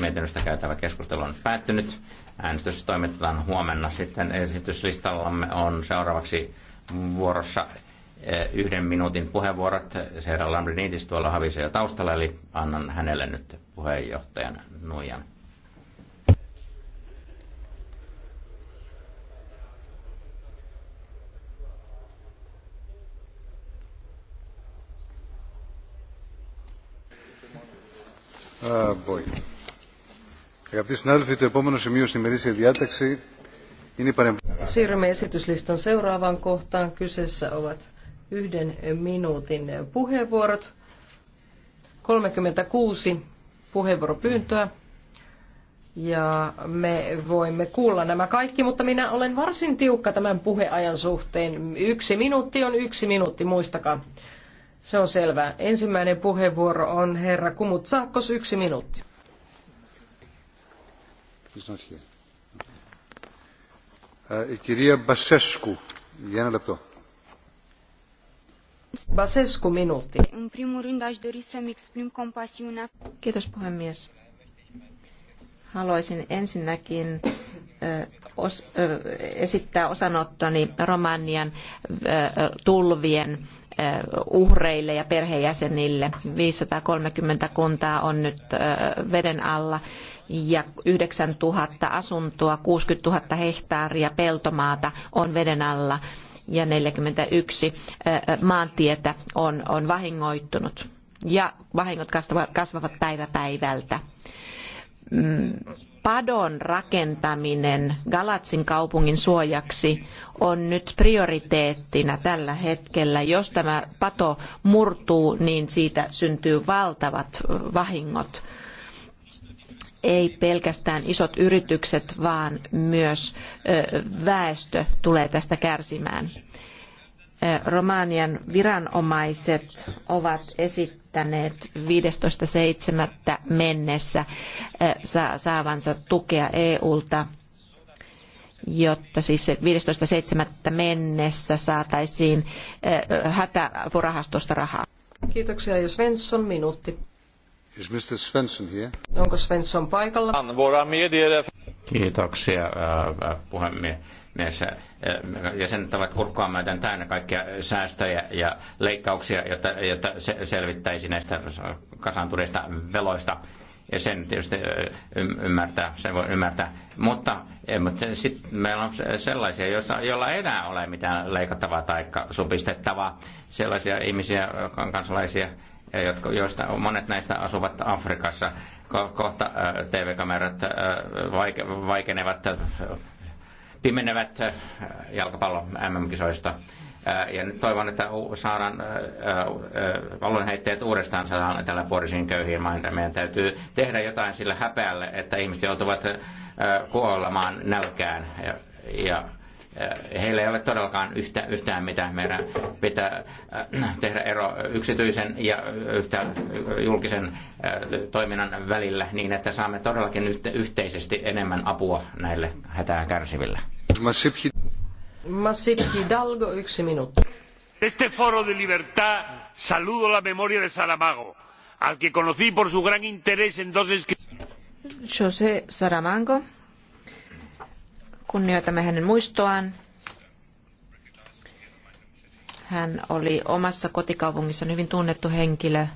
mietinnöstä käytävä keskustelu on päättynyt. Äänestys toimitetaan huomenna. Sitten esityslistallamme on seuraavaksi vuorossa eh, yhden minuutin puheenvuorot. Seera Lambrinidis tuolla havisee jo taustalla, eli annan hänelle nyt puheenjohtajan nuijan. Siirrymme esityslistan seuraavaan kohtaan. Kyseessä ovat yhden minuutin puheenvuorot. 36 puheenvuoropyyntöä. Ja me voimme kuulla nämä kaikki, mutta minä olen varsin tiukka tämän puheajan suhteen. Yksi minuutti on yksi minuutti, muistakaa. Se on selvää. Ensimmäinen puheenvuoro on herra Kumut Saakkos, yksi minuutti. Kirja Basescu, jäänä Basescu, minuutti. În Kiitos, puhemies. Haluaisin ensinnäkin esittää osanottoni Romanian tulvien uhreille ja perheenjäsenille. 530 kuntaa on nyt veden alla ja 9000 asuntoa, 60 000 hehtaaria peltomaata on veden alla ja 41 maantietä on, on vahingoittunut. Ja vahingot kasvavat päivä päivältä padon rakentaminen Galatsin kaupungin suojaksi on nyt prioriteettina tällä hetkellä. Jos tämä pato murtuu, niin siitä syntyy valtavat vahingot. Ei pelkästään isot yritykset, vaan myös väestö tulee tästä kärsimään. Eh, Romanian viranomaiset ovat esittäneet 15.7. mennessä eh, saavansa tukea EUlta, jotta siis 15.7. mennessä saataisiin eh, hätäapurahastosta rahaa. Kiitoksia. Ja Svensson, minuutti. Is Mr. Svensson here? Onko Svensson paikalla? Kiitoksia, puhemies Näissä eh, jäsenet ovat kurkkua myöten täynnä kaikkia säästöjä ja leikkauksia, jotta, jotta se selvittäisi näistä kasaantuneista veloista ja sen tietysti eh, ymmärtää, sen voi ymmärtää. Mutta, eh, mutta sitten meillä on sellaisia, joissa, joilla ei enää ole mitään leikattavaa tai supistettavaa. Sellaisia ihmisiä, kansalaisia, jotka, joista monet näistä asuvat Afrikassa. kohta TV-kamerat vaikenevat pimenevät äh, jalkapallon MM-kisoista. Äh, ja nyt toivon, että saadaan äh, valonheitteet uudestaan saadaan eteläpuolisiin köyhiin maihin. Meidän täytyy tehdä jotain sillä häpeälle, että ihmiset joutuvat kuolemaan nälkään. Ja, ja Äh, heillä ei ole todellakaan yhtä, yhtään mitään. Meidän pitää äh, tehdä ero yksityisen ja äh, yhtä julkisen toiminnan välillä niin, että saamme todellakin yhteisesti enemmän apua näille hätää kärsiville. Masip Hidalgo, yksi minuutti. Este foro de libertad saludo la memoria de Saramago, al que conocí por su gran interés en dos escritos. José Saramago Kunnioitamme hänen muistoaan. Hän oli omassa kotikaupungissaan hyvin tunnettu henkilö.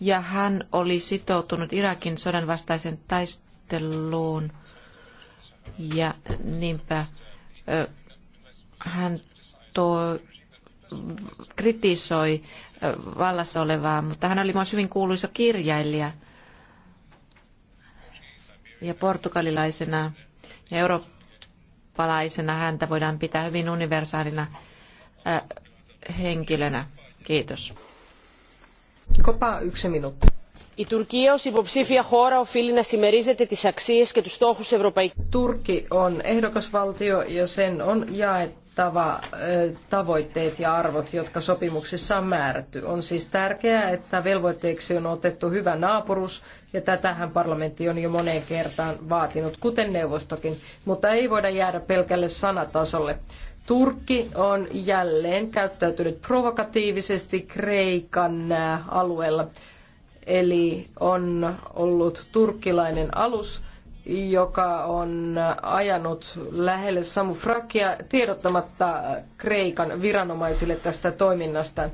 ja hän oli sitoutunut Irakin sodan vastaiseen taisteluun ja niinpä hän kritisoi vallassa olevaa, mutta hän oli myös hyvin kuuluisa kirjailija ja portugalilaisena ja eurooppalaisena häntä voidaan pitää hyvin universaalina henkilönä. Kiitos. Kopa yksi minuutti. Η Τουρκία ως υποψήφια χώρα οφείλει να συμμερίζεται τις αξίες και τους στόχους ευρωπαϊκής. Τουρκki on ehdokasvaltio ja sen on jaettu kattava tavoitteet ja arvot, jotka sopimuksessa on määrätty. On siis tärkeää, että velvoitteeksi on otettu hyvä naapurus, ja tätähän parlamentti on jo moneen kertaan vaatinut, kuten neuvostokin, mutta ei voida jäädä pelkälle sanatasolle. Turkki on jälleen käyttäytynyt provokatiivisesti Kreikan alueella, eli on ollut turkkilainen alus, joka on ajanut lähelle Samu Frakia tiedottamatta Kreikan viranomaisille tästä toiminnasta.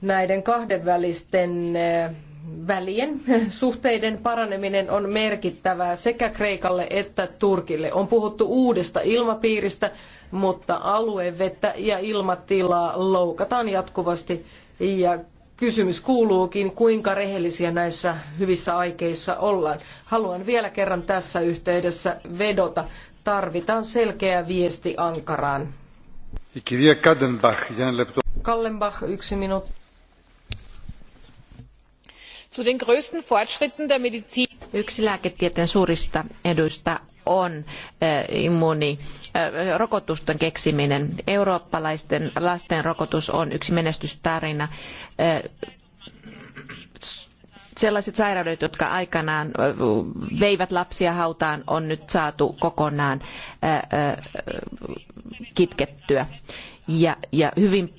Näiden kahdenvälisten eh, välien suhteiden paraneminen on merkittävää sekä Kreikalle että Turkille. On puhuttu uudesta ilmapiiristä, mutta aluevettä ja ilmatilaa loukataan jatkuvasti ja Kysymys kuuluukin, kuinka rehellisiä näissä hyvissä aikeissa ollaan. Haluan vielä kerran tässä yhteydessä vedota. Tarvitaan selkeä viesti Ankaraan. Kallenbach, yksi minuutti. Zu den größten Fortschritten der Medizin. Yksi lääketieteen suurista eduista on eh, immuuni eh, rokotusten keksiminen. Eurooppalaisten lasten rokotus on yksi menestystarina eh, sellaiset sairaudet, jotka aikanaan veivät lapsia hautaan, on nyt saatu kokonaan kitkettyä. Ja, ja hyvin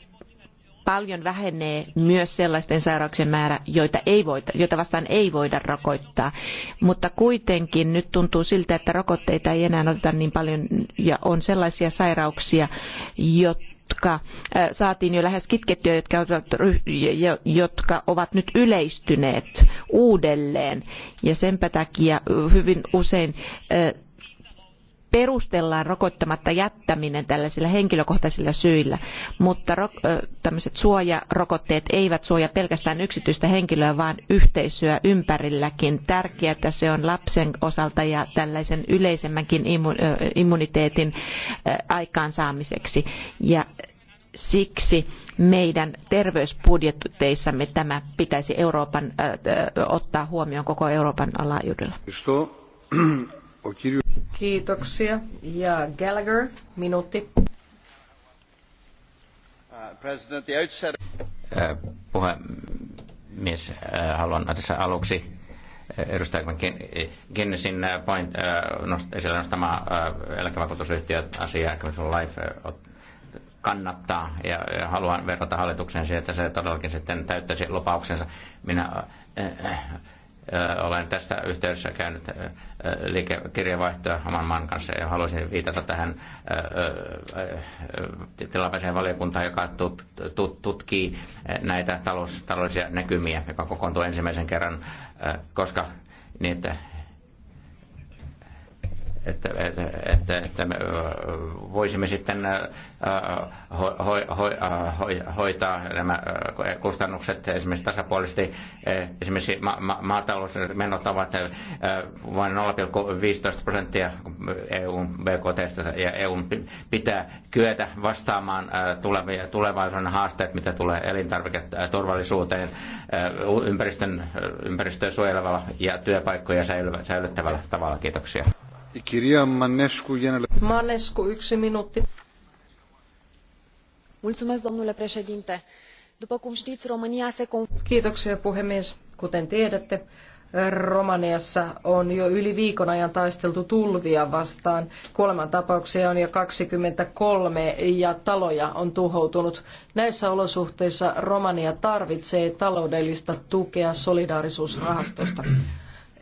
paljon vähenee myös sellaisten sairauksien määrä, joita, ei voida, joita vastaan ei voida rokottaa. Mutta kuitenkin nyt tuntuu siltä, että rokotteita ei enää oteta niin paljon ja on sellaisia sairauksia, jotka saatiin jo lähes kitkettyä, jotka ovat, jotka ovat nyt yleistyneet uudelleen. Ja senpä takia hyvin usein perustellaan rokottamatta jättäminen tällaisilla henkilökohtaisilla syillä, mutta ro- tämmöiset suojarokotteet eivät suojaa pelkästään yksityistä henkilöä, vaan yhteisöä ympärilläkin. Tärkeää se on lapsen osalta ja tällaisen yleisemmänkin immuniteetin aikaansaamiseksi. Ja siksi meidän terveysbudjeteissamme tämä pitäisi Euroopan, ottaa huomioon koko Euroopan laajuudella. Kiitoksia. Ja Gallagher, minuutti. Puhemies, haluan tässä aluksi edustaja Kennesin point, esille nostama eläkevakuutusyhtiöt asiaa, Life kannattaa ja, ja haluan verrata hallitukseen siihen, että se todellakin sitten täyttäisi lupauksensa. Minä äh, äh, olen tästä yhteydessä käynyt liikekirjavaihtoa oman maan kanssa ja haluaisin viitata tähän tilapäiseen valiokuntaan, joka tutkii näitä talous, taloudellisia näkymiä, joka kokoontuu ensimmäisen kerran, koska niin, että että, että, että me voisimme sitten ho, ho, ho, ho, hoitaa nämä kustannukset esimerkiksi tasapuolisesti. E, esimerkiksi ma, ma, maatalousmenot ovat vain 0,15 prosenttia EUn BKT, ja EUn pitää kyetä vastaamaan tulevia, tulevaisuuden haasteet, mitä tulee elintarviketurvallisuuteen, ympäristön, ympäristöä suojelevalla ja työpaikkoja säilyttävällä tavalla. Kiitoksia arvoisa puhemies. Kuten tiedätte, Romaniassa on jo yli viikon ajan taisteltu tulvia vastaan. Kuolemantapauksia on jo 23 ja taloja on tuhoutunut. Näissä olosuhteissa Romania tarvitsee taloudellista tukea solidaarisuusrahastosta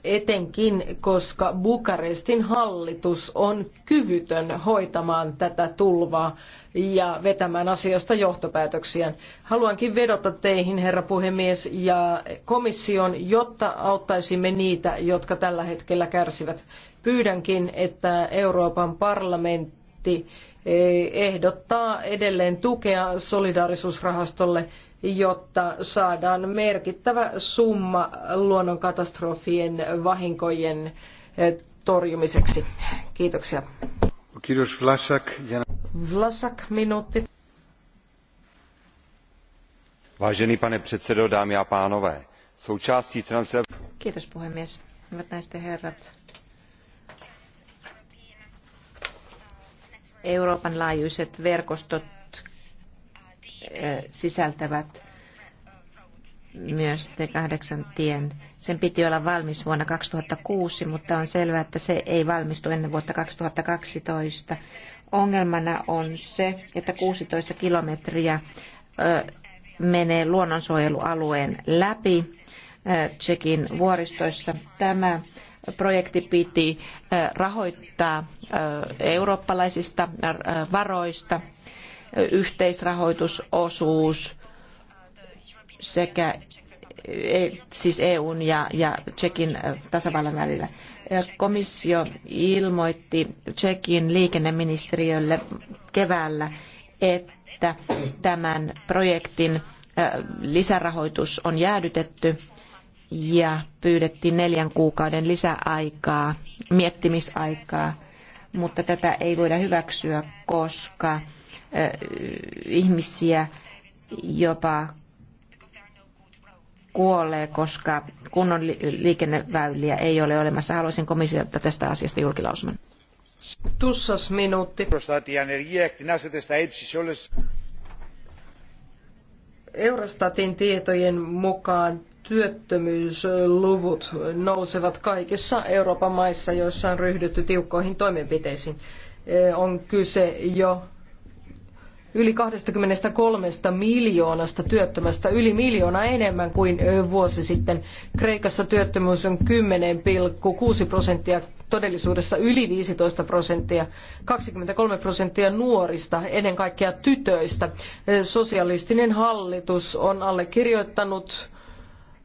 etenkin koska Bukarestin hallitus on kyvytön hoitamaan tätä tulvaa ja vetämään asiasta johtopäätöksiä. Haluankin vedota teihin, herra puhemies, ja komission, jotta auttaisimme niitä, jotka tällä hetkellä kärsivät. Pyydänkin, että Euroopan parlamentti eh, ehdottaa edelleen tukea solidaarisuusrahastolle jotta saadaan merkittävä summa luonnonkatastrofien vahinkojen eh, torjumiseksi. Kiitoksia. Kiitos Vlasak. Vlasak minuutti. Vážený pane předsedo, dámy a pánové, součástí transe... Kiitos puhemies. Hyvät näistä herrat. Euroopan laajuiset verkostot sisältävät myös T8 tien. Sen piti olla valmis vuonna 2006, mutta on selvää, että se ei valmistu ennen vuotta 2012. Ongelmana on se, että 16 kilometriä menee luonnonsuojelualueen läpi Tsekin vuoristoissa. Tämä projekti piti rahoittaa eurooppalaisista varoista yhteisrahoitusosuus sekä e, siis EUn ja, ja Tsekin tasavallan välillä. Komissio ilmoitti Tsekin liikenneministeriölle keväällä, että tämän projektin lisärahoitus on jäädytetty ja pyydettiin neljän kuukauden lisäaikaa, miettimisaikaa, mutta tätä ei voida hyväksyä, koska ihmisiä jopa kuolee, koska kunnon liikenneväyliä ei ole olemassa. Haluaisin komissiolta tästä asiasta julkilausuman. Tussas minuutti. Eurostatin tietojen mukaan työttömyysluvut nousevat kaikissa Euroopan maissa, joissa on ryhdytty tiukkoihin toimenpiteisiin. On kyse jo yli 23 miljoonasta työttömästä yli miljoona enemmän kuin vuosi sitten. Kreikassa työttömyys on 10,6 prosenttia, todellisuudessa yli 15 prosenttia, 23 prosenttia nuorista, ennen kaikkea tytöistä. Sosialistinen hallitus on allekirjoittanut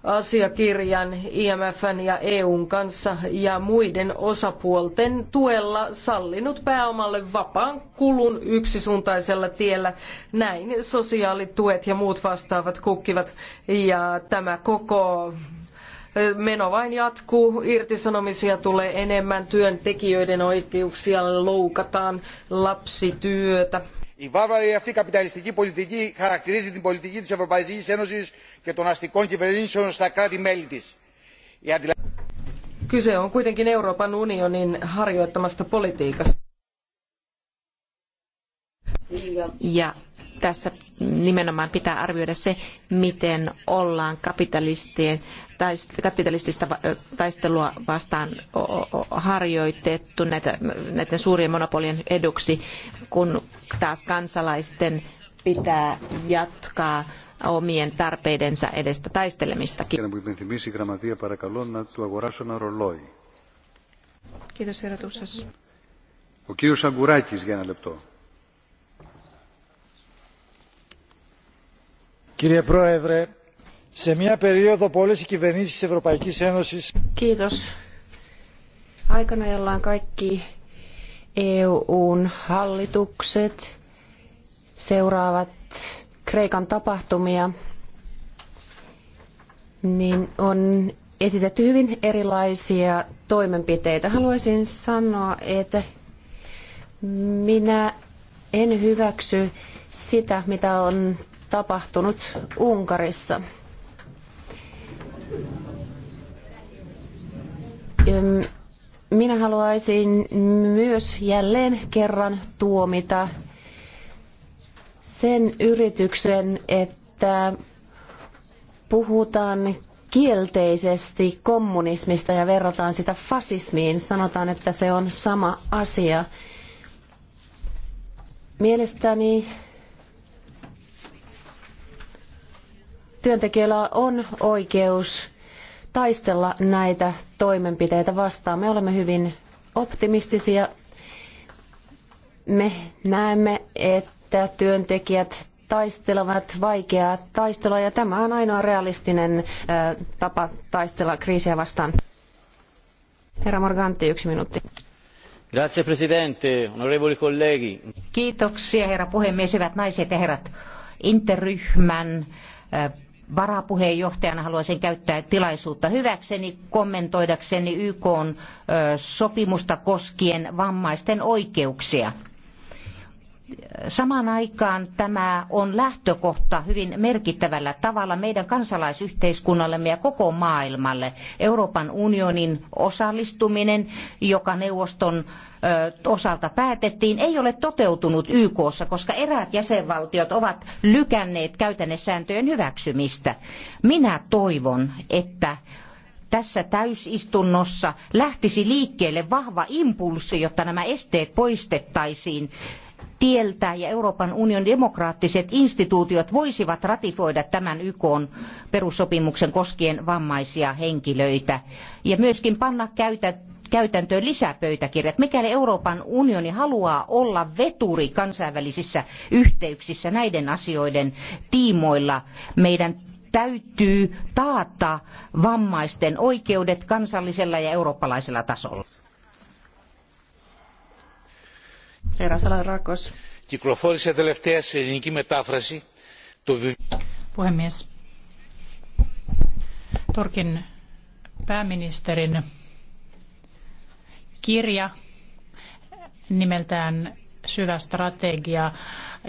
asiakirjan IMFn ja EUn kanssa ja muiden osapuolten tuella sallinut pääomalle vapaan kulun yksisuuntaisella tiellä. Näin sosiaalituet ja muut vastaavat kukkivat ja tämä koko meno vain jatkuu, irtisanomisia tulee enemmän, työntekijöiden oikeuksia loukataan, lapsityötä η βάρβαρη αυτή καπιταλιστική πολιτική χαρακτηρίζει την πολιτική της ευρωπαϊκής ένωσης και των αστικών κυβερνήσεων στα κράτη μέλη της. Kyse on kuitenkin Euroopan unionin harjoittamasta politiikasta. Ja tässä nimenomaan pitää arvioida se, miten ollaan kapitalistien kapitalistista taistelua vastaan harjoitettu näitä, näiden suurien monopolien eduksi, kun taas kansalaisten pitää jatkaa omien tarpeidensa edestä taistelemista. Kiitos, herra Tussas. Ο κύριος Αγκουράκης για ένα λεπτό. Κύριε Πρόεδρε, σε μια περίοδο που όλες οι κυβερνήσεις της Ευρωπαϊκής Ένωσης... Kiitos. Aikana, jolloin kaikki EUn hallitukset seuraavat Kreikan tapahtumia, niin on esitetty hyvin erilaisia toimenpiteitä. Haluaisin sanoa, että minä en hyväksy sitä, mitä on tapahtunut Unkarissa. Minä haluaisin myös jälleen kerran tuomita sen yrityksen, että puhutaan kielteisesti kommunismista ja verrataan sitä fasismiin. Sanotaan, että se on sama asia. Mielestäni työntekijöillä on oikeus taistella näitä toimenpiteitä vastaan. Me olemme hyvin optimistisia. Me näemme, että työntekijät taistelevat vaikeaa taistelua ja tämä on ainoa realistinen tapa taistella kriisiä vastaan. Herra Morganti, yksi minuutti. Grazie presidente, onorevoli colleghi. Kiitoksia herra puhemies, hyvät naiset ja herrat. Interryhmän varapuheenjohtajana haluaisin käyttää tilaisuutta hyväkseni kommentoidakseni YK sopimusta koskien vammaisten oikeuksia. Samaan aikaan tämä on lähtökohta hyvin merkittävällä tavalla meidän kansalaisyhteiskunnallemme ja koko maailmalle. Euroopan unionin osallistuminen, joka neuvoston osalta päätettiin, ei ole toteutunut YKssa, koska eräät jäsenvaltiot ovat lykänneet käytännesääntöjen hyväksymistä. Minä toivon, että tässä täysistunnossa lähtisi liikkeelle vahva impulssi, jotta nämä esteet poistettaisiin tieltä ja Euroopan unionin demokraattiset instituutiot voisivat ratifoida tämän YK perussopimuksen koskien vammaisia henkilöitä ja myöskin panna käytäntöön käytäntöön lisäpöytäkirjat. Mikäli Euroopan unioni haluaa olla veturi kansainvälisissä yhteyksissä näiden asioiden tiimoilla, meidän täytyy taata vammaisten oikeudet kansallisella ja eurooppalaisella tasolla. Κυκλοφόρησε τελευταία σε ελληνική μετάφραση το Puhemies. Turkin pääministerin kirja nimeltään Syvä strategia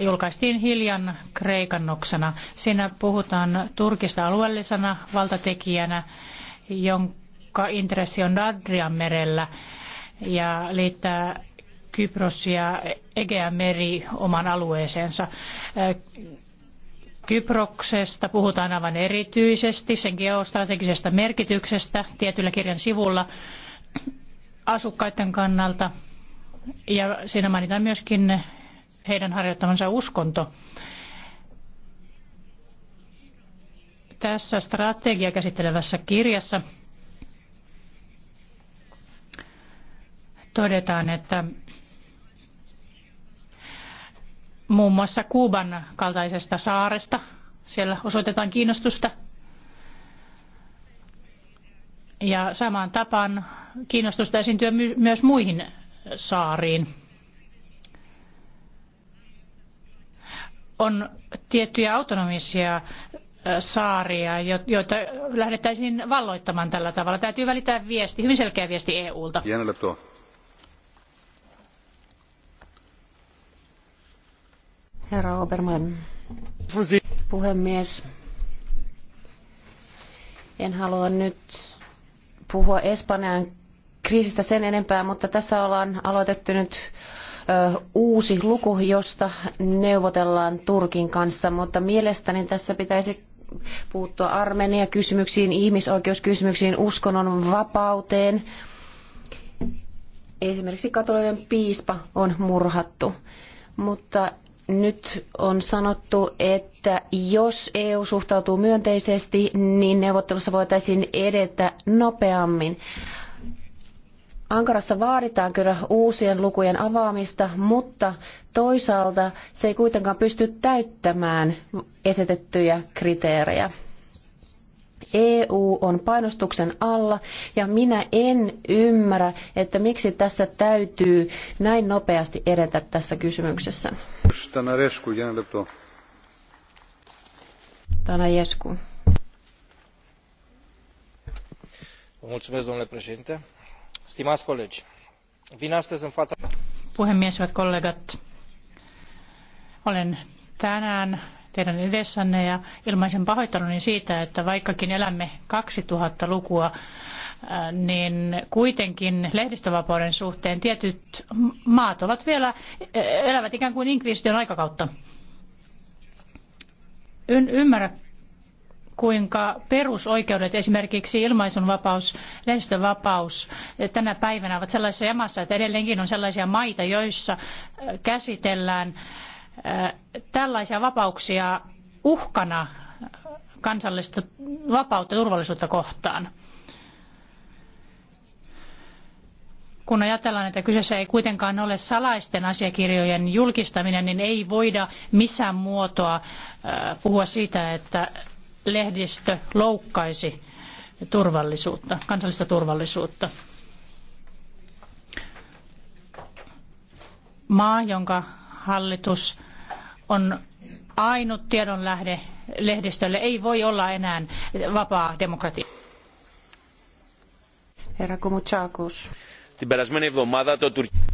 julkaistiin hiljan kreikannoksena. Siinä puhutaan Turkista alueellisena valtatekijänä, jonka intressi on Adrian merellä ja liittää Kypros ja Egean meri oman alueeseensa. Kyproksesta puhutaan aivan erityisesti, sen geostrategisesta merkityksestä tietyllä kirjan sivulla asukkaiden kannalta. Ja siinä mainitaan myöskin heidän harjoittamansa uskonto. Tässä strategia käsittelevässä kirjassa todetaan, että muun muassa Kuuban kaltaisesta saaresta. Siellä osoitetaan kiinnostusta. Ja samaan tapaan kiinnostusta esiintyy myös muihin saariin. On tiettyjä autonomisia saaria, joita lähdettäisiin valloittamaan tällä tavalla. Täytyy välittää viesti, hyvin selkeä viesti EUlta. Jäänellä tuo. Herra Oberman, puhemies, en halua nyt puhua Espanjan kriisistä sen enempää, mutta tässä ollaan aloitettu nyt uusi luku, josta neuvotellaan Turkin kanssa, mutta mielestäni tässä pitäisi puuttua Armenia kysymyksiin, ihmisoikeuskysymyksiin, uskonnon vapauteen. Esimerkiksi katolinen piispa on murhattu, mutta nyt on sanottu, että jos EU suhtautuu myönteisesti, niin neuvottelussa voitaisiin edetä nopeammin. Ankarassa vaaditaan kyllä uusien lukujen avaamista, mutta toisaalta se ei kuitenkaan pysty täyttämään esitettyjä kriteerejä. EU on painostuksen alla ja minä en ymmärrä, että miksi tässä täytyy näin nopeasti edetä tässä kysymyksessä. Tänä Jesku. Mulțumesc, domnule președinte. Stimați colegi, vin astăzi în fața... Puhemies, hyvät kollegat, olen tänään teidän edessänne ja ilmaisen pahoitteluni siitä, että vaikkakin elämme 2000-lukua, äh, niin kuitenkin lehdistövapauden suhteen tietyt maat ovat vielä, äh, elävät ikään kuin inkvisition aikakautta. En ymmärrä, kuinka perusoikeudet, esimerkiksi ilmaisunvapaus, lehdistönvapaus äh, tänä päivänä ovat sellaisessa jamassa, että edelleenkin on sellaisia maita, joissa käsitellään tällaisia vapauksia uhkana kansallista vapautta ja turvallisuutta kohtaan. kun ajatellaan, että kyseessä ei kuitenkaan ole salaisten asiakirjojen julkistaminen, niin ei voida missään muotoa puhua siitä, että lehdistö loukkaisi turvallisuutta, kansallista turvallisuutta. Maa, jonka hallitus on ainut tiedonlähde lehdistölle. Ei voi olla enää vapaa demokratia. Herra Kumutsaakus.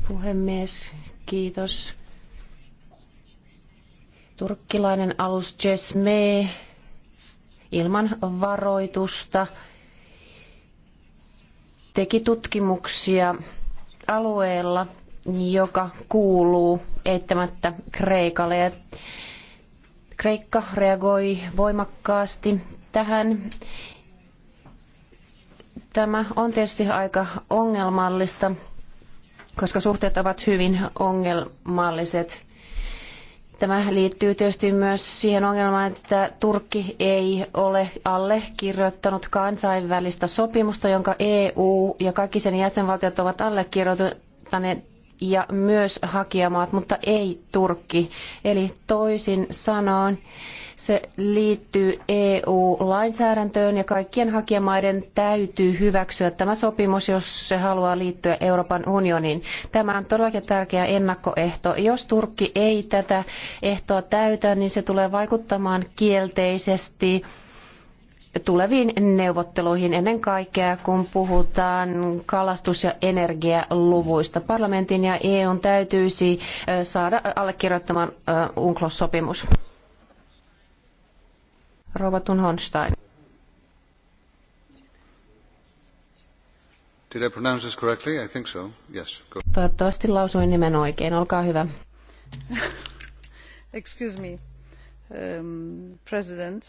Puhemies, kiitos. Turkkilainen alus Jesme ilman varoitusta teki tutkimuksia alueella – joka kuuluu eittämättä Kreikalle. Kreikka reagoi voimakkaasti tähän. Tämä on tietysti aika ongelmallista, koska suhteet ovat hyvin ongelmalliset. Tämä liittyy tietysti myös siihen ongelmaan, että Turkki ei ole allekirjoittanut kansainvälistä sopimusta, jonka EU ja kaikki sen jäsenvaltiot ovat allekirjoittaneet ja myös hakijamaat, mutta ei Turkki. Eli toisin sanoen se liittyy EU-lainsäädäntöön ja kaikkien hakijamaiden täytyy hyväksyä tämä sopimus, jos se haluaa liittyä Euroopan unioniin. Tämä on todellakin tärkeä ennakkoehto. Jos Turkki ei tätä ehtoa täytä, niin se tulee vaikuttamaan kielteisesti tuleviin neuvotteluihin ennen kaikkea, kun puhutaan kalastus- ja energialuvuista. Parlamentin ja EUn täytyisi saada allekirjoittamaan UNCLOS-sopimus. Rouva Tunhonstein. Did I pronounce this correctly? I think so. Yes. Toivottavasti lausuin nimen oikein. Olkaa hyvä. Excuse me, um, President.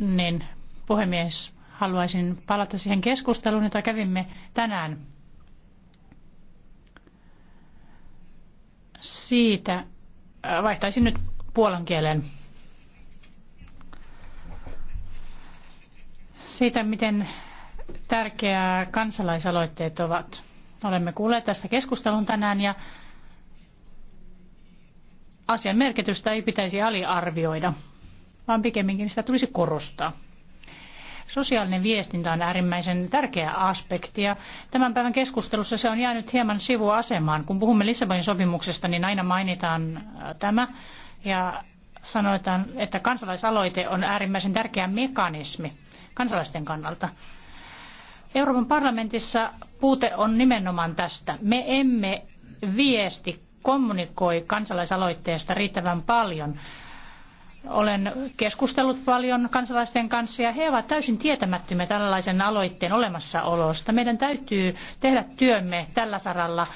Niin, puhemies. Haluaisin palata siihen keskusteluun, jota kävimme tänään siitä. Äh, vaihtaisin nyt puolan kieleen. Siitä, miten tärkeää kansalaisaloitteet ovat. Olemme kuulleet tästä keskustelun tänään ja asian merkitystä ei pitäisi aliarvioida, vaan pikemminkin sitä tulisi korostaa. Sosiaalinen viestintä on äärimmäisen tärkeä aspekti ja tämän päivän keskustelussa se on jäänyt hieman sivuasemaan. Kun puhumme Lissabonin sopimuksesta, niin aina mainitaan äh, tämä ja sanotaan, että kansalaisaloite on äärimmäisen tärkeä mekanismi kansalaisten kannalta. Euroopan parlamentissa puute on nimenomaan tästä. Me emme viesti kommunikoi kansalaisaloitteesta riittävän paljon. Olen keskustellut paljon kansalaisten kanssa ja he ovat täysin tietämättömiä tällaisen aloitteen olemassaolosta. Meidän täytyy tehdä työmme tällä saralla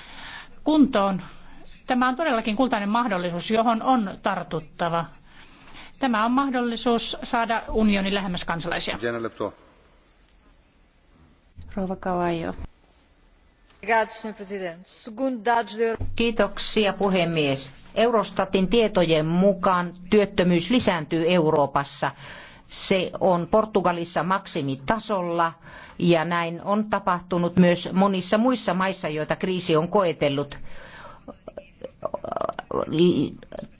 kuntoon. Tämä on todellakin kultainen mahdollisuus, johon on tartuttava. Tämä on mahdollisuus saada unioni lähemmäs kansalaisia. Rouva Kavaio. Kiitoksia puhemies. Eurostatin tietojen mukaan työttömyys lisääntyy Euroopassa. Se on Portugalissa maksimitasolla ja näin on tapahtunut myös monissa muissa maissa, joita kriisi on koetellut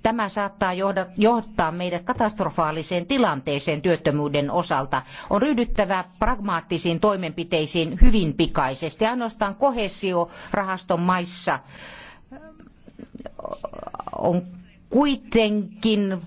tämä saattaa johtaa meidät katastrofaaliseen tilanteeseen työttömyyden osalta. On ryhdyttävä pragmaattisiin toimenpiteisiin hyvin pikaisesti. Ainoastaan kohesiorahaston maissa on kuitenkin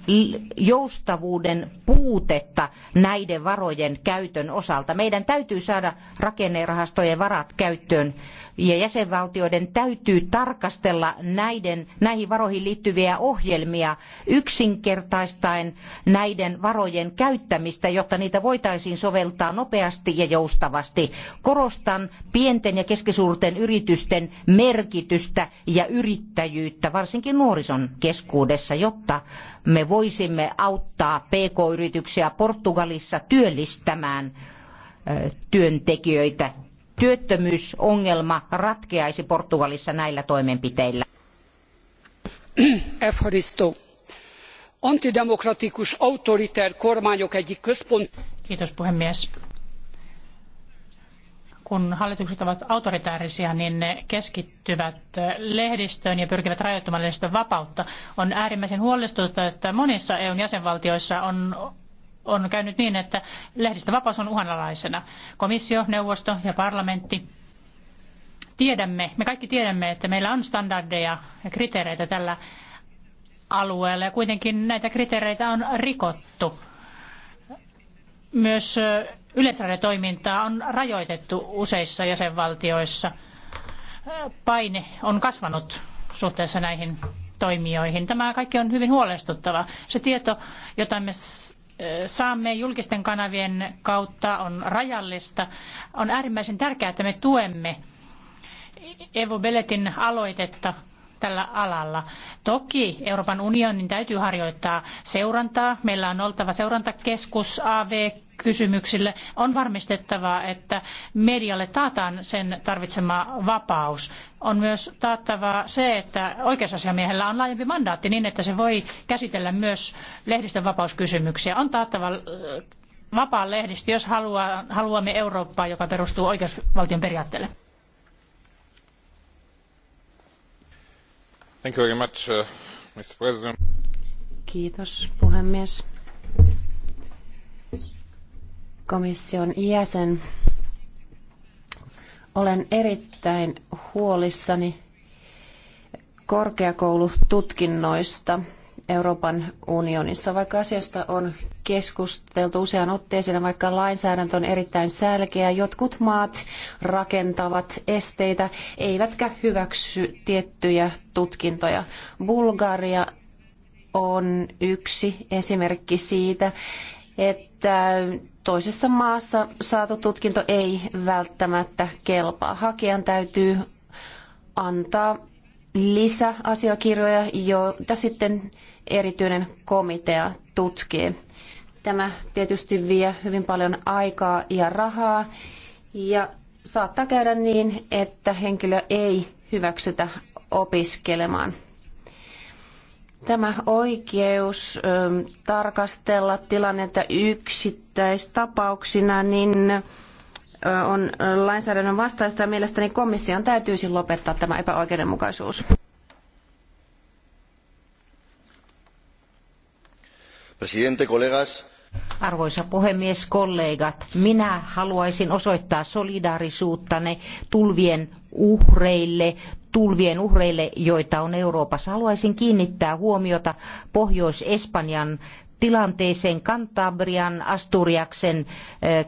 joustavuuden puutetta näiden varojen käytön osalta. Meidän täytyy saada rakennerahastojen varat käyttöön ja jäsenvaltioiden täytyy tarkastella näiden, näihin varoihin liittyviä ohjelmia yksinkertaistaen näiden varojen käyttämistä, jotta niitä voitaisiin soveltaa nopeasti ja joustavasti. Korostan pienten ja keskisuurten yritysten merkitystä ja yrittäjyyttä, varsinkin nuorison keskuudessa vuodessa, jotta me voisimme auttaa PK-yrityksiä Portugalissa työllistämään työntekijöitä. Työttömyysongelma ratkeaisi Portugalissa näillä toimenpiteillä. autoritär Kiitos puhemies kun hallitukset ovat autoritäärisiä, niin ne keskittyvät lehdistöön ja pyrkivät rajoittamaan lehdistön vapautta. On äärimmäisen huolestuttavaa, että monissa EUn jäsenvaltioissa on on käynyt niin, että lehdistövapaus on uhanalaisena. Komissio, neuvosto ja parlamentti tiedämme, me kaikki tiedämme, että meillä on standardeja ja kriteereitä tällä alueella ja kuitenkin näitä kriteereitä on rikottu. Myös yleisradiotoimintaa on rajoitettu useissa jäsenvaltioissa. Paine on kasvanut suhteessa näihin toimijoihin. Tämä kaikki on hyvin huolestuttava. Se tieto, jota me saamme julkisten kanavien kautta, on rajallista. On äärimmäisen tärkeää, että me tuemme Evo Beletin aloitetta tällä alalla. Toki Euroopan unionin täytyy harjoittaa seurantaa. Meillä on oltava seurantakeskus AV kysymyksille. On varmistettava, että medialle taataan sen tarvitsema vapaus. On myös taattava se, että oikeusasiamiehellä on laajempi mandaatti niin, että se voi käsitellä myös lehdistönvapauskysymyksiä. vapauskysymyksiä. On taattava äh, vapaa lehdistö, jos haluamme Eurooppaa, joka perustuu oikeusvaltion periaatteelle. Uh, Kiitos puhemies. Komission jäsen. Olen erittäin huolissani korkeakoulututkinnoista Euroopan unionissa, vaikka asiasta on keskusteltu useaan otteeseen, vaikka lainsäädäntö on erittäin selkeä. Jotkut maat rakentavat esteitä, eivätkä hyväksy tiettyjä tutkintoja. Bulgaria on yksi esimerkki siitä, että toisessa maassa saatu tutkinto ei välttämättä kelpaa. Hakijan täytyy antaa lisäasiakirjoja, joita sitten erityinen komitea tutkii. Tämä tietysti vie hyvin paljon aikaa ja rahaa ja saattaa käydä niin, että henkilö ei hyväksytä opiskelemaan. Tämä oikeus tarkastella tilannetta yksittäistapauksina niin on lainsäädännön vastaista ja mielestäni komission täytyisi lopettaa tämä epäoikeudenmukaisuus. Presidente, kollegas, Arvoisa puhemies, kollegat, minä haluaisin osoittaa solidaarisuuttanne tulvien uhreille, tulvien uhreille, joita on Euroopassa. Haluaisin kiinnittää huomiota Pohjois-Espanjan tilanteeseen Kantabrian, Asturiaksen eh,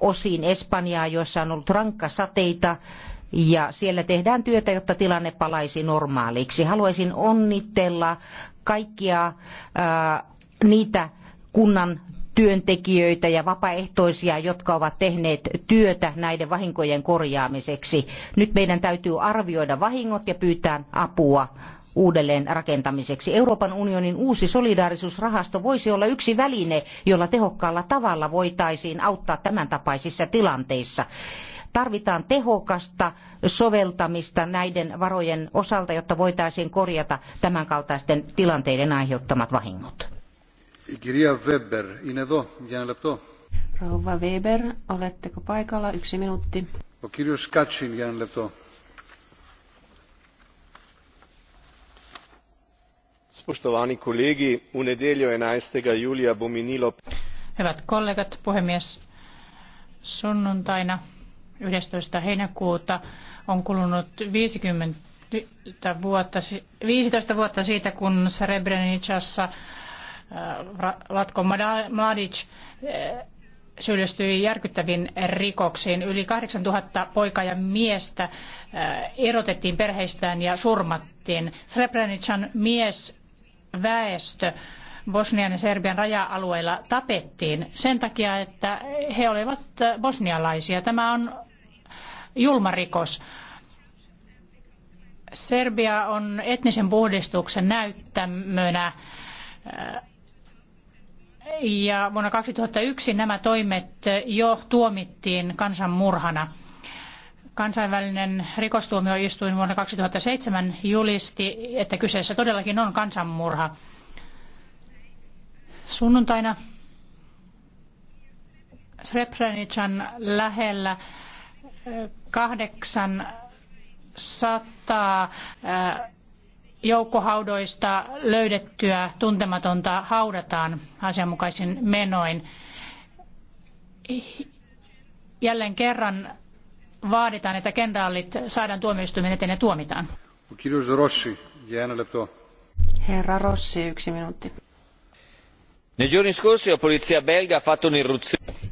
osiin Espanjaa, jossa on ollut rankkasateita ja siellä tehdään työtä, jotta tilanne palaisi normaaliksi. Haluaisin onnitella kaikkia eh, niitä kunnan työntekijöitä ja vapaaehtoisia, jotka ovat tehneet työtä näiden vahinkojen korjaamiseksi. Nyt meidän täytyy arvioida vahingot ja pyytää apua uudelleen rakentamiseksi. Euroopan unionin uusi solidaarisuusrahasto voisi olla yksi väline, jolla tehokkaalla tavalla voitaisiin auttaa tämän tapaisissa tilanteissa tarvitaan tehokasta soveltamista näiden varojen osalta, jotta voitaisiin korjata tämänkaltaisten tilanteiden aiheuttamat vahingot. Kirja Weber, inedo, jäänlepto. Rouva Weber, oletteko paikalla? Yksi minuutti. O kirjus Katsin, jäänlepto. Spoštovani kolegi, v nedeljo 11. julija bo Hyvät kollegat, puhemies, sunnuntaina 11. heinäkuuta on kulunut 50 vuotta, 15 vuotta siitä, kun Srebrenicassa Vlatko Mladic eh, syyllistyi järkyttäviin rikoksiin. Yli 8000 poikaa ja miestä eh, erotettiin perheistään ja surmattiin. Srebrenican miesväestö Bosnian ja Serbian raja-alueilla tapettiin sen takia, että he olivat eh, bosnialaisia. Tämä on julma rikos. Serbia on etnisen puhdistuksen näyttämönä ja vuonna 2001 nämä toimet jo tuomittiin kansanmurhana. Kansainvälinen rikostuomioistuin vuonna 2007 julisti, että kyseessä todellakin on kansanmurha. Sunnuntaina Srebrenican lähellä eh, kahdeksan sataa eh, joukkohaudoista löydettyä tuntematonta haudataan asianmukaisin menoin. Jälleen kerran vaaditaan, että kenraalit saadaan tuomioistuimen eteen ja tuomitaan. Herra Rossi, yksi minuutti.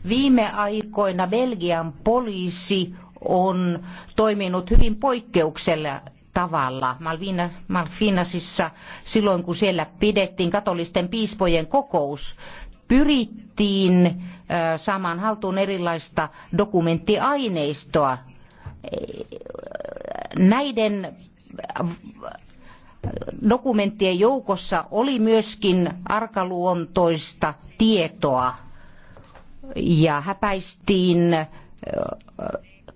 Viime aikoina Belgian poliisi on toiminut hyvin poikkeuksella tavalla. Malvina, Malfinasissa silloin, kun siellä pidettiin katolisten piispojen kokous, pyrittiin saamaan haltuun erilaista dokumenttiaineistoa. Näiden dokumenttien joukossa oli myöskin arkaluontoista tietoa ja häpäistiin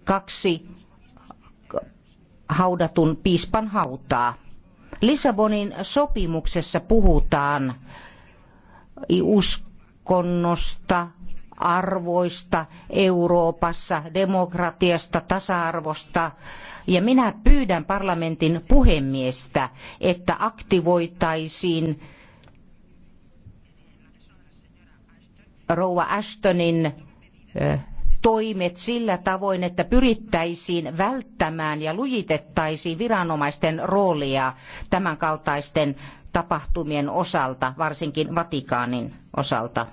kaksi haudatun piispan hautaa. Lissabonin sopimuksessa puhutaan uskonnosta, arvoista Euroopassa, demokratiasta, tasa-arvosta. Ja minä pyydän parlamentin puhemiestä, että aktivoitaisiin rouva Ashtonin toimet sillä tavoin, että pyrittäisiin välttämään ja lujitettaisiin viranomaisten roolia tämän kaltaisten tapahtumien osalta, varsinkin Vatikaanin osalta?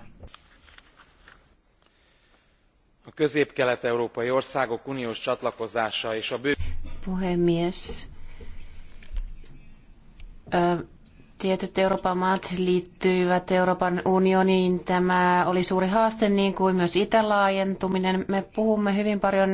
közép-kelet-európai országok uniós csatlakozása és a bő... Puhemies. Ö, tietyt Euroopan maat liittyivät Euroopan unioniin. Tämä oli suuri haaste, niin kuin myös itälaajentuminen. Me puhumme hyvin paljon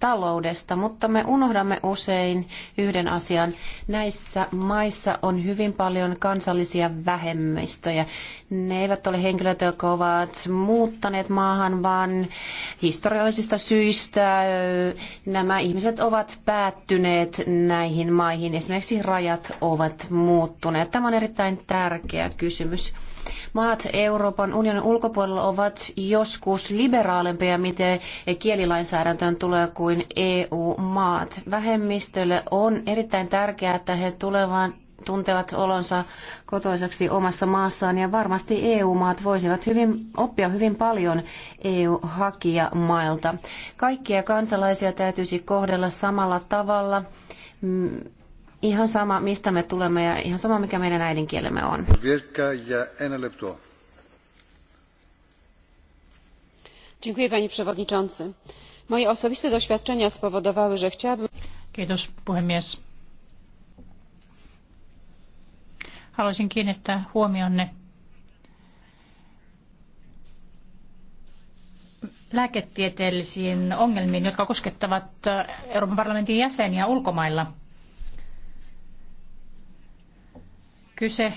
taloudesta, mutta me unohdamme usein yhden asian. Näissä maissa on hyvin paljon kansallisia vähemmistöjä. Ne eivät ole henkilöitä, jotka ovat muuttaneet maahan, vaan historiallisista syistä nämä ihmiset ovat päättyneet näihin maihin. Esimerkiksi rajat ovat muuttuneet. Tämä on erittäin tärkeä kysymys. Maat Euroopan unionin ulkopuolella ovat joskus liberaalimpia, miten kielilainsäädäntöön tulee kuin EU-maat. Vähemmistölle on erittäin tärkeää, että he tulevat tuntevat olonsa kotoisaksi omassa maassaan ja varmasti EU-maat voisivat hyvin, oppia hyvin paljon EU-hakijamailta. Kaikkia kansalaisia täytyisi kohdella samalla tavalla mm, Ihan sama, mistä me tulemme ja ihan sama, mikä meidän äidinkielemme on. ja Dziękuję przewodniczący. Moje osobiste doświadczenia spowodowały, że chciałabym... Kiitos puhemies. Haluaisin kiinnittää huomionne lääketieteellisiin ongelmiin, jotka koskettavat Euroopan parlamentin jäseniä ulkomailla – Kyse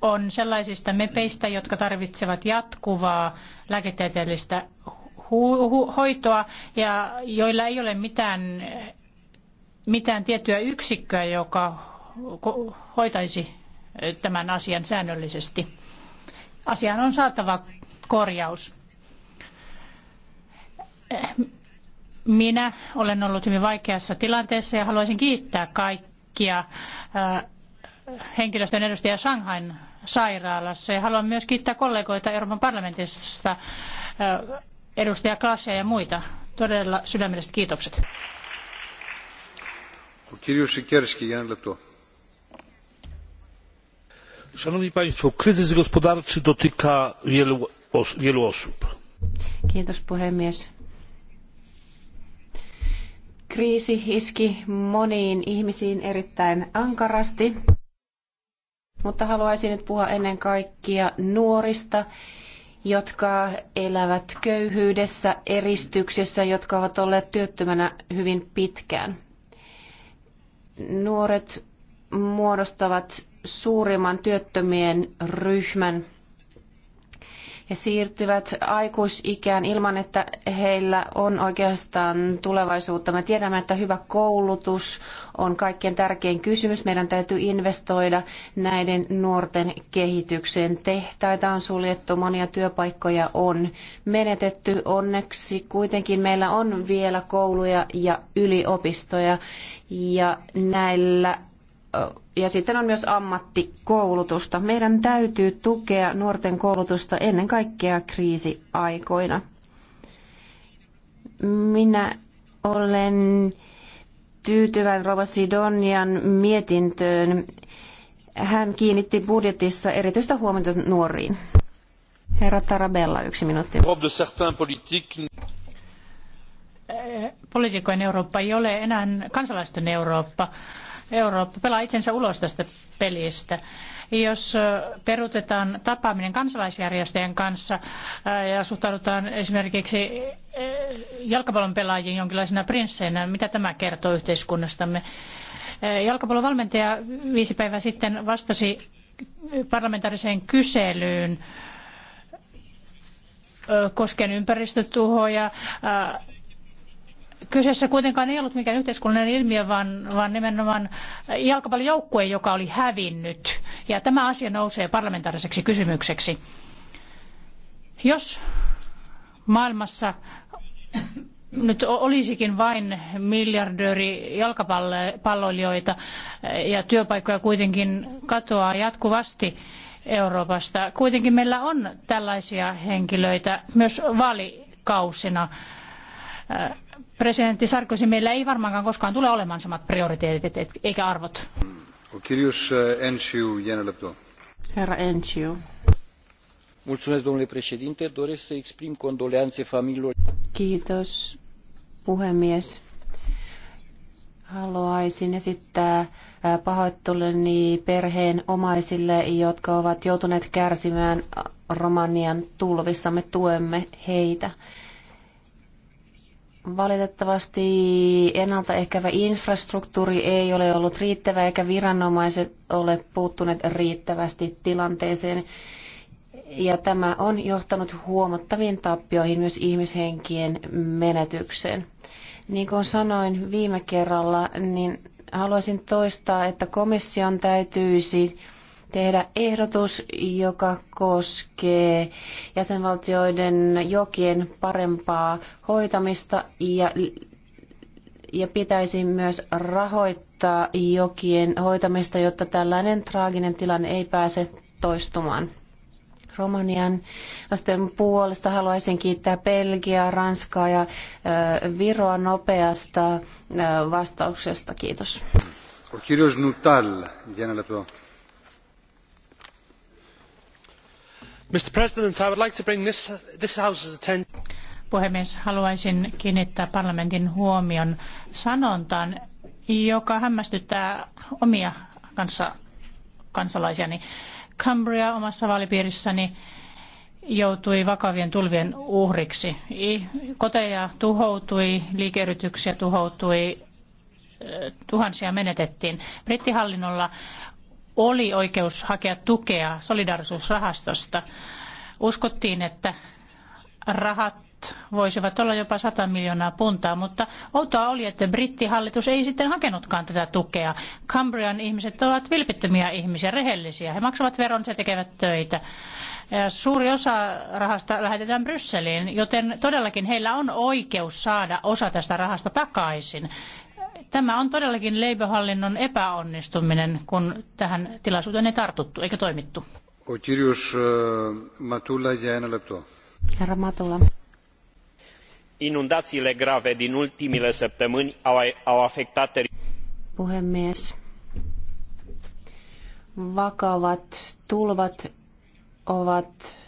on sellaisista mepeistä, jotka tarvitsevat jatkuvaa lääketieteellistä hoitoa ja joilla ei ole mitään, mitään tiettyä yksikköä, joka hoitaisi tämän asian säännöllisesti. Asiaan on saatava korjaus. Minä olen ollut hyvin vaikeassa tilanteessa ja haluaisin kiittää kaikkia henkilöstön edustaja Shanghain sairaalassa. Ja haluan myös kiittää kollegoita Euroopan parlamentista, edustaja Klasia ja muita. Todella sydämelliset kiitokset. Szanowni Państwo, kryzys gospodarczy dotyka wielu, wielu osób. Kiitos puhemies. Kriisi iski moniin ihmisiin erittäin ankarasti. Mutta haluaisin nyt puhua ennen kaikkea nuorista, jotka elävät köyhyydessä, eristyksessä, jotka ovat olleet työttömänä hyvin pitkään. Nuoret muodostavat suurimman työttömien ryhmän – he siirtyvät aikuisikään ilman, että heillä on oikeastaan tulevaisuutta. Me tiedämme, että hyvä koulutus on kaikkein tärkein kysymys. Meidän täytyy investoida näiden nuorten kehitykseen. Tehtaita on suljettu, monia työpaikkoja on menetetty. Onneksi kuitenkin meillä on vielä kouluja ja yliopistoja ja näillä ja sitten on myös ammattikoulutusta. Meidän täytyy tukea nuorten koulutusta ennen kaikkea kriisiaikoina. Minä olen tyytyväinen Rova Sidonian mietintöön. Hän kiinnitti budjetissa erityistä huomiota nuoriin. Herra Tarabella, yksi minuutti. Poliitikkojen Eurooppa ei ole enää kansalaisten Eurooppa Eurooppa pelaa itsensä ulos tästä pelistä. Jos peruutetaan tapaaminen kansalaisjärjestöjen kanssa ja suhtaudutaan esimerkiksi jalkapallon pelaajiin jonkinlaisena prinsseinä, mitä tämä kertoo yhteiskunnastamme? Jalkapallon valmentaja viisi päivää sitten vastasi parlamentaariseen kyselyyn koskien ympäristötuhoja, Kyseessä kuitenkaan ei ollut mikään yhteiskunnallinen ilmiö, vaan, vaan nimenomaan jalkapallojoukkue, joka oli hävinnyt. Ja tämä asia nousee parlamentaariseksi kysymykseksi. Jos maailmassa nyt olisikin vain miljardööri jalkapalloilijoita ja työpaikkoja kuitenkin katoaa jatkuvasti Euroopasta. Kuitenkin meillä on tällaisia henkilöitä myös vaalikausina presidentti Sarkozy, meillä ei varmaankaan koskaan tule olemaan samat prioriteetit eikä arvot. Kirjus e, Herra Enciu. Mulțumesc, domnule președinte. Doresc să exprim condoleanțe familiilor. Kiitos, puhemies. Haluaisin esittää e, pahoitteluni perheen omaisille, jotka ovat joutuneet kärsimään Romanian tulvissa. Me tuemme heitä. Valitettavasti ennaltaehkäivä infrastruktuuri ei ole ollut riittävä eikä viranomaiset ole puuttuneet riittävästi tilanteeseen. Ja tämä on johtanut huomattaviin tappioihin myös ihmishenkien menetykseen. Niin kuin sanoin viime kerralla, niin haluaisin toistaa, että komission täytyisi tehdä ehdotus, joka koskee jäsenvaltioiden jokien parempaa hoitamista ja, ja pitäisi myös rahoittaa jokien hoitamista, jotta tällainen traaginen tilanne ei pääse toistumaan. Romanian lasten puolesta haluaisin kiittää Belgiaa, Ranskaa ja Viroa nopeasta vastauksesta. Kiitos. Kiitos Puhemies, haluaisin kiinnittää parlamentin huomion sanontaan, joka hämmästyttää omia kanssa, kansalaisiani. Cambria omassa vaalipiirissäni joutui vakavien tulvien uhriksi. Koteja tuhoutui, liikeyrityksiä tuhoutui, tuhansia menetettiin. Brittihallinnolla oli oikeus hakea tukea solidarisuusrahastosta. Uskottiin, että rahat voisivat olla jopa 100 miljoonaa puntaa, mutta outoa oli, että brittihallitus ei sitten hakenutkaan tätä tukea. Cambrian ihmiset ovat vilpittömiä ihmisiä, rehellisiä. He maksavat veronsa ja tekevät töitä. Ja suuri osa rahasta lähetetään Brysseliin, joten todellakin heillä on oikeus saada osa tästä rahasta takaisin. Tämä on todellakin leipähallinnon epäonnistuminen, kun tähän tilaisuuteen ei tartuttu eikä toimittu. O kirjus Matula ja Herra Matula. Inundațiile grave din ultimile săptămâni au afectat Puhemies. Vakavat tulvat ovat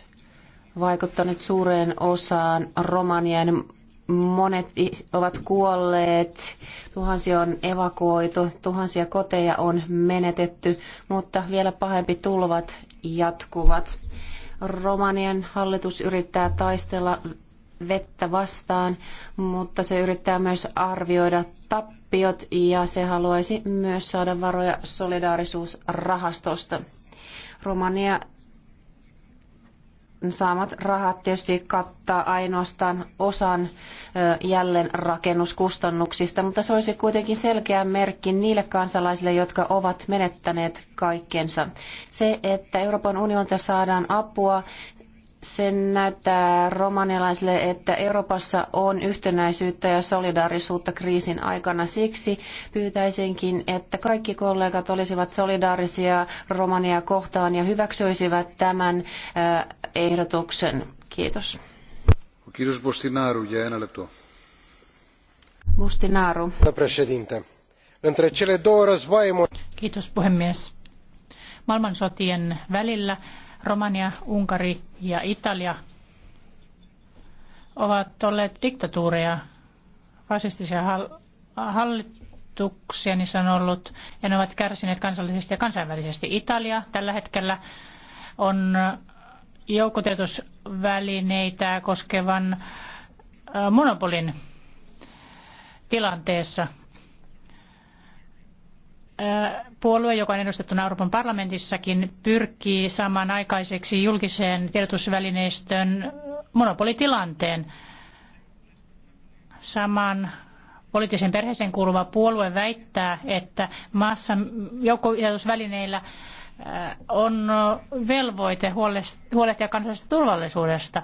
vaikuttaneet suureen osaan Romanian Monet ovat kuolleet, tuhansia on evakuoitu, tuhansia koteja on menetetty, mutta vielä pahempi tulvat jatkuvat. Romanian hallitus yrittää taistella vettä vastaan, mutta se yrittää myös arvioida tappiot ja se haluaisi myös saada varoja solidaarisuusrahastosta. Romania saamat rahat tietysti kattaa ainoastaan osan jälleenrakennuskustannuksista, mutta se olisi kuitenkin selkeä merkki niille kansalaisille, jotka ovat menettäneet kaikkensa. Se, että Euroopan unionilta saadaan apua, sen näyttää romanialaisille, että Euroopassa on yhtenäisyyttä ja solidaarisuutta kriisin aikana. Siksi pyytäisinkin, että kaikki kollegat olisivat solidaarisia Romania kohtaan ja hyväksyisivät tämän äh, ehdotuksen. Kiitos. Kiitos Bostinaru, ja enää Bostinaru. Kiitos puhemies. Maailmansotien välillä Romania, Unkari ja Italia ovat olleet diktatuureja, fasistisia hallituksia niissä on ollut, ja ne ovat kärsineet kansallisesti ja kansainvälisesti. Italia tällä hetkellä on joukkotiedotusvälineitä koskevan monopolin tilanteessa – puolue, joka on edustettuna Euroopan parlamentissakin, pyrkii saamaan aikaiseksi julkiseen tiedotusvälineistön monopolitilanteen. Saman poliittisen perheeseen kuuluva puolue väittää, että maassa joukkotiedotusvälineillä äh, on velvoite huolehtia kansallisesta turvallisuudesta.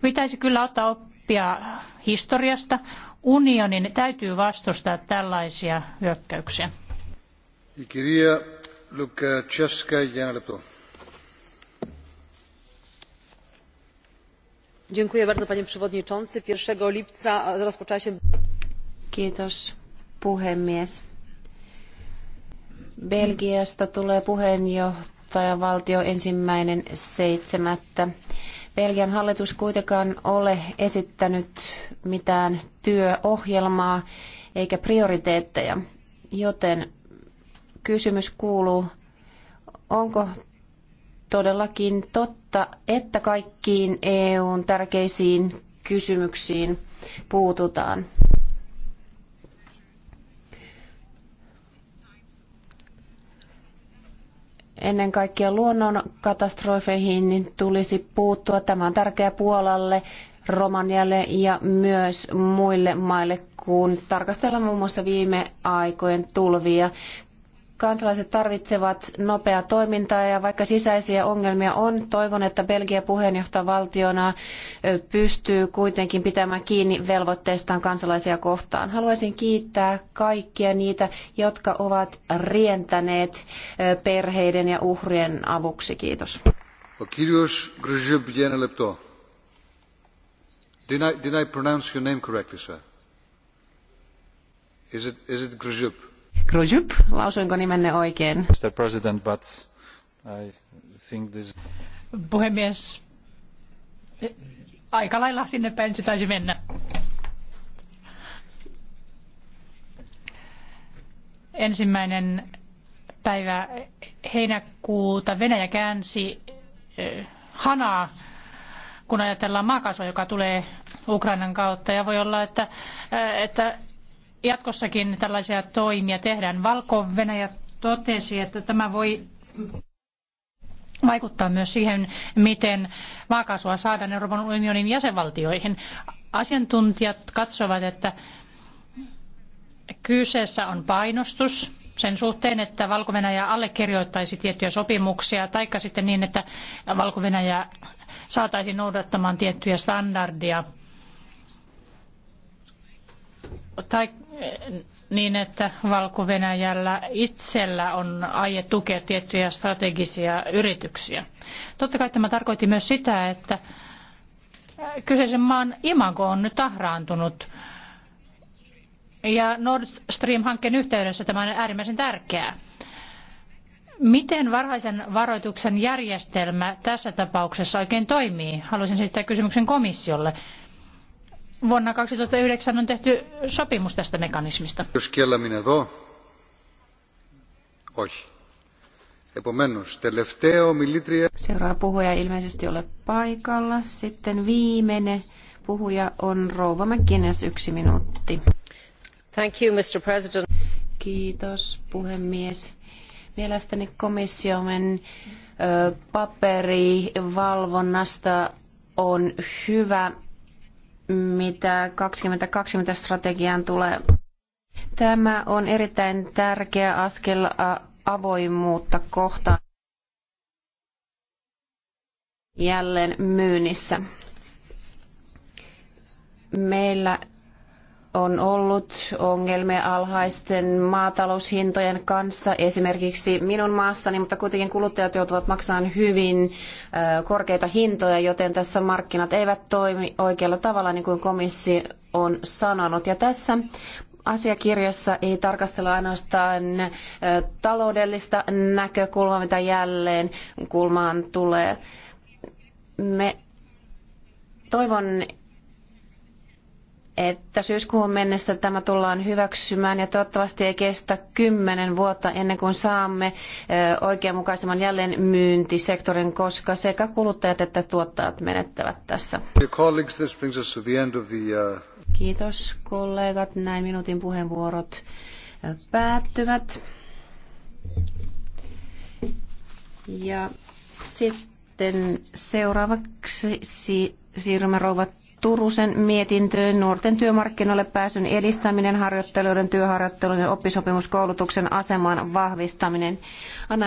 Pitäisi kyllä ottaa oppia historiasta. Unionin täytyy vastustaa tällaisia hyökkäyksiä. Η panie przewodniczący. 1 lipca rozpoczęła się puhemies. Belgiasta tulee puheenjohtajavaltio ensimmäinen seitsemättä. Belgian hallitus kuitenkaan ole esittänyt mitään työohjelmaa eikä prioriteetteja, joten kysymys kuuluu, onko todellakin totta, että kaikkiin EUn tärkeisiin kysymyksiin puututaan? ennen kaikkea luonnonkatastrofeihin niin tulisi puuttua. Tämä on tärkeä Puolalle, Romanialle ja myös muille maille, kun tarkastellaan muun muassa viime aikojen tulvia. Kansalaiset tarvitsevat nopeaa toimintaa ja vaikka sisäisiä ongelmia on, toivon, että Belgia puheenjohtajavaltiona pystyy kuitenkin pitämään kiinni velvoitteistaan kansalaisia kohtaan. Haluaisin kiittää kaikkia niitä, jotka ovat rientäneet perheiden ja uhrien avuksi. Kiitos. did, I, did I pronounce your name correctly, sir? Is it, is it Grzyb? Grujup, lausuinko nimenne oikein? Mr. President, but I think this... Puhemies, aika lailla sinne päin se taisi mennä. Ensimmäinen päivä heinäkuuta Venäjä käänsi hanaa, kun ajatellaan maakasua, joka tulee Ukrainan kautta. Ja voi olla, että, että jatkossakin tällaisia toimia tehdään. Valko-Venäjä totesi, että tämä voi vaikuttaa myös siihen, miten maakaasua saadaan Euroopan unionin jäsenvaltioihin. Asiantuntijat katsovat, että kyseessä on painostus sen suhteen, että valko allekirjoittaisi tiettyjä sopimuksia, taikka sitten niin, että valko saataisiin noudattamaan tiettyjä standardeja tai niin, että Valko-Venäjällä itsellä on aie tukea tiettyjä strategisia yrityksiä. Totta kai tämä tarkoitti myös sitä, että kyseisen maan imago on nyt tahraantunut. Ja Nord Stream-hankkeen yhteydessä tämä on äärimmäisen tärkeää. Miten varhaisen varoituksen järjestelmä tässä tapauksessa oikein toimii? Haluaisin esittää kysymyksen komissiolle. Vuonna 2009 on tehty sopimus tästä mekanismista. Jos kielläminen εδώ. Όχι. Επομένως, τελευταίο μιλήτρια... Seuraava puhuja ilmeisesti ole paikalla. Sitten viimeinen puhuja on Rouva McGuinness, yksi minuutti. Thank you, Mr. President. Kiitos, puhemies. Mielestäni komission paperi valvonnasta on hyvä mitä 2020 strategiaan tulee. Tämä on erittäin tärkeä askel avoimuutta kohtaan jälleen myynnissä. Meillä on ollut ongelmia alhaisten maataloushintojen kanssa esimerkiksi minun maassani, mutta kuitenkin kuluttajat joutuvat maksamaan hyvin korkeita hintoja, joten tässä markkinat eivät toimi oikealla tavalla, niin kuin komissio on sanonut. Ja tässä asiakirjassa ei tarkastella ainoastaan taloudellista näkökulmaa, mitä jälleen kulmaan tulee. Me toivon, että syyskuuhun mennessä tämä tullaan hyväksymään ja toivottavasti ei kestä kymmenen vuotta ennen kuin saamme oikeanmukaisemman jälleenmyyntisektorin, koska sekä kuluttajat että tuottajat menettävät tässä. Uh, Kiitos kollegat. Näin minuutin puheenvuorot päättyvät. Ja sitten seuraavaksi siirrymme rouva Turusen mietintöön nuorten työmarkkinoille pääsyn edistäminen, harjoitteluiden, työharjoittelun ja oppisopimuskoulutuksen aseman vahvistaminen. Annan